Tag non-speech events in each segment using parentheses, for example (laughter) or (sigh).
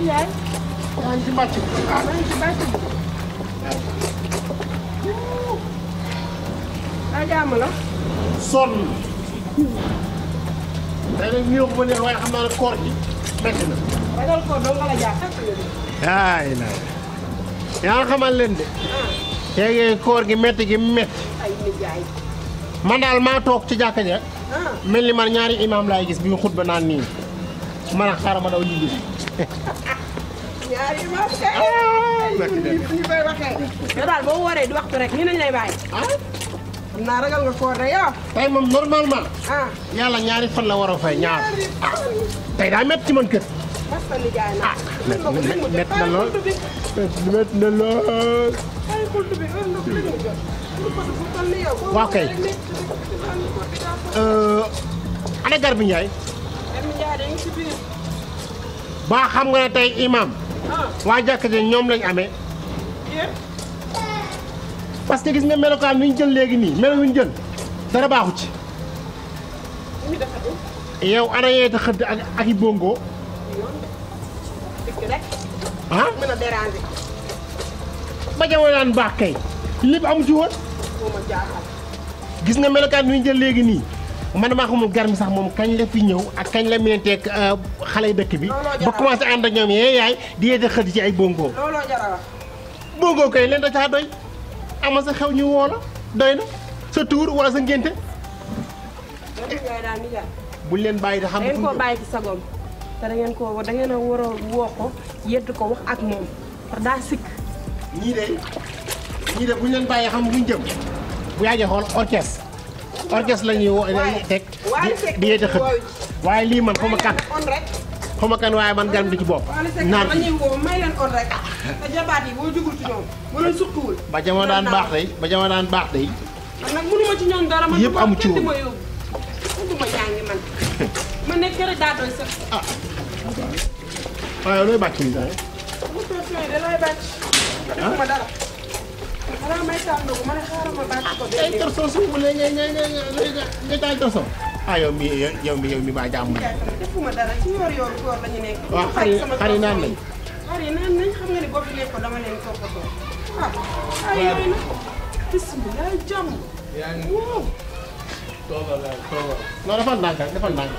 yaay. maa ngi ci bàcc ci bàcc bi. nga xamal leen de. léegi koor gi métti gi métti. man daal maa toog ci jàkka ja. Ah. mel ni man ñaari imaam laay gis bi ñu xutba naan nii. man a xaaral ma daw ñibbi. ñaari ma fu ñu koy waxee. yow daal boo wooree di waxtu rek nii nañ lay bàyyi. Ah? xam naa ragal nga koor de yow. tey moom normalement. ah yàlla ñaari fan la war a fay ñaar. ah tey daa métti ci man kër. ah métti na lool métti na lool. waaw kay. Euh, ana Garbi Ndiaye. Garbi Ndiaye dañu ci biir. ba xam nga ne tey imam waa jàkk ji ñoom lañ ame parce que gis nga melokaan wi ñu jël léegi nii melo wi ñu jël dara baaxu ci yow ana yeeta xëdd ak ak i bongo ah? ba jamono baax kay lépp amu ci woon gis nga melokaan wi ñu jël léegi nii man damaa xamul garmi sax moom kañ la fi ñëw ak kañ la miinteeg euh, xale dëkk bi. ba commencé ànd ak ñoom yee eh, yaay di yéete xëdd ci ay bongo. bongo kay leen da caa doy. ama sa xew ñu woo la doy na sa tuur wala sa leen bàyyi da xam. ngeen koo bàyyi da ngeen a war a woo ko yedd ko wax ak moom parce daa sikk. ñii de ñii de buñ leen bàyyi xam buñ jëm bu yaajee xool orchestre. orchestre la ñuy woo teg di yéete xët waaye lii man xuma kan xuma kan waaye man gan di ci bopp naan ba jamono daan baax day ba jamono daan baax day yëpp amu ci woon ah waaye looy bàcc nii ah? daal ay torsion su mu ne nga nga nga nga nga taal torsion. ah yow mi yow mi yow mi baa jàmm. defuma dara ci yor yoru koor la ñu nekk. waaw xar yi xar yi naan nañ. xar yi naan nañ xam nga ni boobu nekk ko dama leen toppatoo. ah ay yooyu nag bisimilah jàmm. yaa ngi toogal daal toogal. non defal ndànk rek defal ndànk.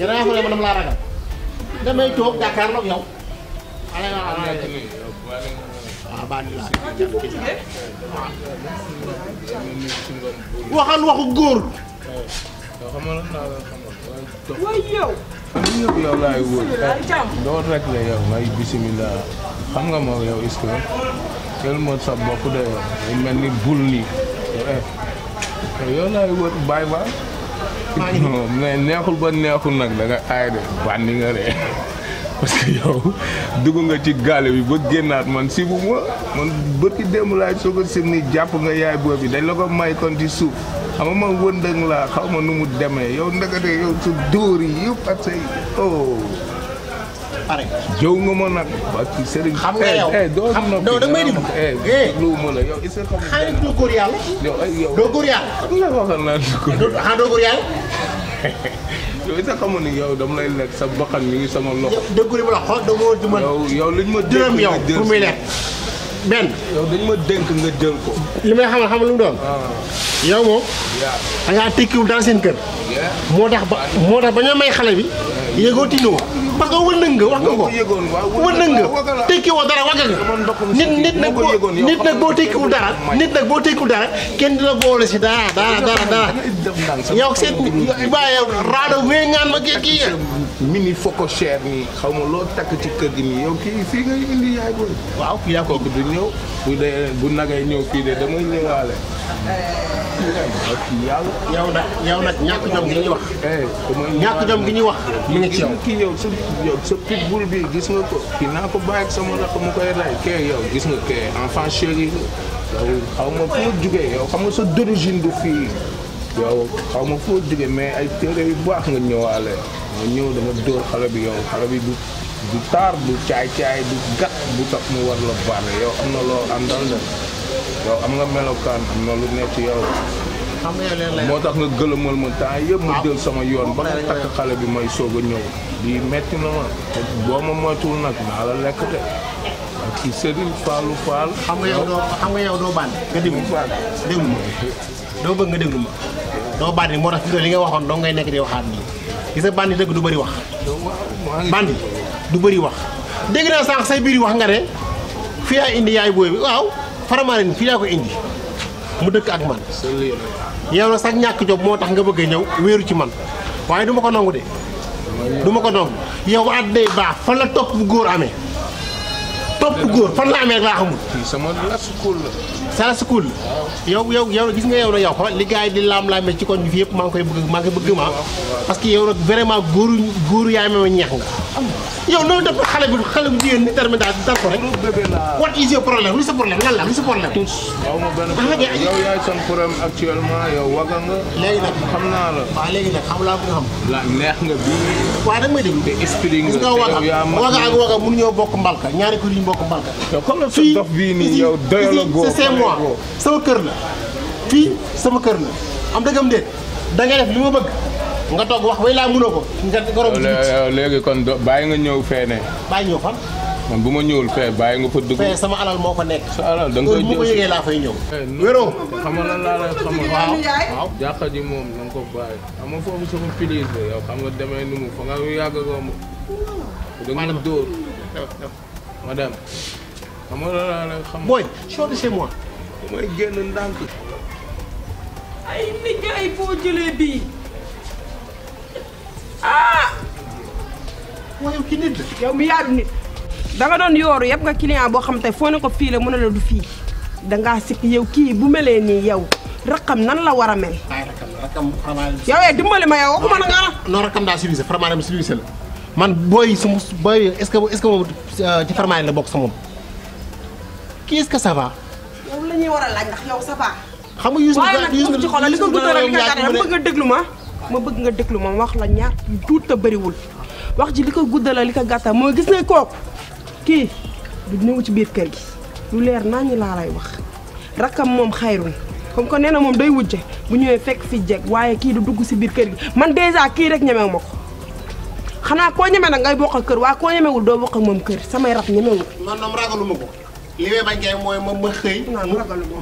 yéen a ngi affaire yi dama laa ragal. damay toog Dakar nag yow. ala nga ala nga waxal waxu góor. waaw yow. ñëpp yow laay wóor door rek la yow ay bisimilah xam nga moom yow est-ce que moo sa bopp de yow mel ni bul nii eh, yow laay wóor bàyyi (laughs) neexul ba neexul nag da ga aay de bànni nga de. (laughs) parce que dugg nga ci gaale bi ba génnaat man si bu ma man bërki démb laaj soo ko sim ni jàpp nga yaay booy dañ la ko may kon ci suuf xam nga ma wëndëng laa xaw ma nu mu demee yow ndekete yow su dóor yi yëpp ak say oh. jëw nga ma nag. waa kii nga yow doo góor yàlla. yow ay yow doo góor yàlla. lan la waxal doo góor yàlla. (laughs) yooyu sax xamoon ni yow dama lay lekk sa bakkan mi ngi sama loxo. dëggu li ma la xool da nga di ma. yow yow ma dërëm yow pour muy lekk benn. yow dañ ma dénk nga jël ko. li may xamal xamal lu mu doon. Ah. yow moom. da ngaa tekkiwul seen kër. moo tax ba moo tax ba ñu may xale bi. yëgoo tiñu ma. parce que wëndëng nga wax nga ko wëndëng nga tekkiwoo dara wax nga nit nit nag boo nit nag boo tekkiwul dara nit nag boo tekkiwul dara kenn dina boole si dara dara dara dara (laughs) yow seen bàyyi raado mais ngaan ma kii mini foko cher nii xaw ma loo takk ci kër gi nii yow kii fii ngay indi yaay bu dee bu nagay ñëw fii de damay ñëwaale. yàlla. yow nag yow nag ñàkk jom gi ñuy wax. Eh, ñàkk jom gi ñuy wax. mu ngi ci yow kii yow sa yow sa pitbull bi gis nga ko. kii naa ko bàyyi ak sama rakk mu koy rey kee yow gis nga kee enfant chéri yow xaw ma fu jugee yow xam nga sa d'origine du fii. yow xaw ma foo jóge mais ay téere yu baax nga ñëwaale nga ñëw dama dóor xale bi yow xale bi du du taar du caay-caay du gàtt bu tax mu war la bare yow am na loo àndal de yow am nga melokaan am na lu nekk yow moo tax nga gëlëmal ma temps yëpp ma jël sama yoon ba nga takk xale bi may soog a ñëw lii metti na ma boo ma moytuwul nag naa la lekk de ak ci sëriñ Fallou Fall xam nga yow doo doo bëgg nga déglu ma doo bandi moo tax fi li nga waxoon doo ngay nekk di waxaat nii gis nga bandi dëgg du bëri wax. bandi du bëri wax. dégg naa sànq say biir wax nga ne fii laa indi yaay booy bi waaw Faramareen fii laa ko indi mu dëkk ak man. yow na sax ñàkk job moo tax nga bëgg a ñëw wéeru ci man waaye du ko nangu de. du ko nangu yow at day baax fan la topp góor ame topp góor fan la amee rek laa xamul. sama la Sara Sukul yow yow yow gis nga yow na yow xam li di laam-laame ci koñ bi fi yëpp maa koy bëgg maa koy bëgg ma parce que yow nag vraiment ma daal sa problème lan sa problème yow yaay son problème actuellement la waaw léegi nag xam laa ko nga xam la neex nga bi waaw da may déglu te expliqué nga gis nga wagga wagga ak wagga mënu ñoo bokk mbalka ñaari ko ñu bokk mbalka yow comme la sa dof bii nii moi sama kër la fii sama kër la am dëggam déet da ngay def li ma bëgg nga toog wax way laa mënoo ko nga gorom léegi kon bàyyi nga ñëw fee ne bàyyi ñëw fan man bu ma ñëwul fee bàyyi nga fa dugg fee sama alal moo fa nekk sa alal da nga koy jël mu yëgee laa fay ñëw eh, wéroo xam moom na ko bàyyi xam nga foofu sama pilis la yow xam nga demee nu fa nga yàgg ko mu xam nga lan laa lay xamal de chez damay génn ndànk. ay nijaay boo jëlee bii ah. waaye ki nit la. yow mi yaa nit. da doon yooru yëpp nga client boo xam te foo ne ko fii la mu ne la du fii dangaa sikk yow kii bu melee nii yow rakam nan la war a mel. waaye rakam rakam vraiment. yow eh dimbali ma yow waxuma na nga la. non rakam daa civilisé vraiment dem civilisé la man booy su ma booy est-ce que est moom euh, ci farmaane la bokk sa moom kii est-ce yow la ñuy war a ndax yow ça va. xam nga Youssou Ndour waaye nag ci xoolal li nga guddal li ma bëgg nga déglu ma. ma bëgg nga déglu ma wax la ñaar tuut te bariwul wax ji li ko guddal li ko gàttal mooy gis ne kooku kii du ñëw ci biir kër gi lu leer naa ñu laa lay wax rakkam moom xayrun comme que nee na moom day wujje bu ñëwee fekk fi jeg waaye kii du dugg si biir kër gi man dèjà kii rek ñemewu ma ko xanaa koo ñeme nag ngay bokk kër waaye koo ñemewul doo bokk ak moom kër samay rab ñemewul. man ragalu ma ko. li may bañ mooy ma ma xëy.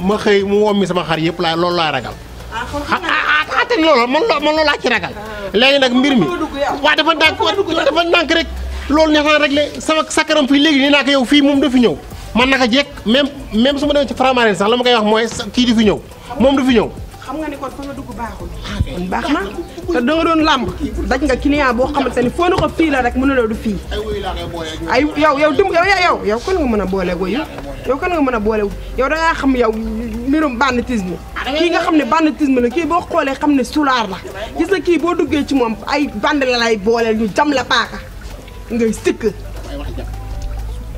ma xëy mu wom mi sama xar yëpp laa loolu laa ragal. ah kon ah, ah, ah, loolu man loo man loolu laa ci ragal. léegi nag mbir mi waaw dafa ndànk dafa ndànk rek. loolu neex naa réglé sama sakaram fii léegi nee naa ko yow fii moom du fi ñëw man naka jekk même même su ma demee ci Faramareen sax la ma koy wax mooy kii di fi ñëw moom du fi ñëw. xam nga ni kon fa nga dugg baaxul. Ah, kon baax na te danga doon làmp daj nga client boo xamante ni foo na ko fii la rek mën na la du fii. ay yow yow dim yow yow yow kan nga mën a boole wu yow kan nga mën a boole wu yow xam yow mbirum banditisme ah, kii nga xam ne banditisme la kii boo xoolee xam ne sulaar la gis nga kii boo duggee ci moom ay band la lay booleel ñu jam la paaka ngay sëkk.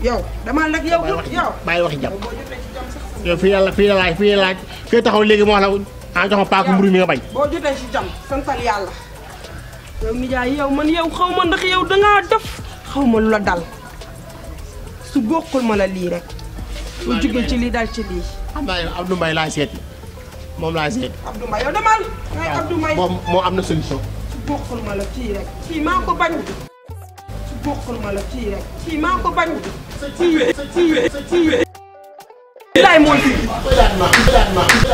yow dama nag yow. yow bàyyi wax jàpp yow fii la fii la laaj fii la fii taxaw léegi moo la. ah jox ma paaka mburu mi nga bañ. boo jotee ci jàmm santal yàlla. yow nijaay yow man yow xaw ma ndax yow dangaa def xaw ma lu la dal su bokkul ma la lii rek. lu jóge ci lii dal ci lii. xam naa moom laa seeti. Abdou moom am na solution. su bokkul ma la fii rek. fii maa ko bañ. su bokkul ma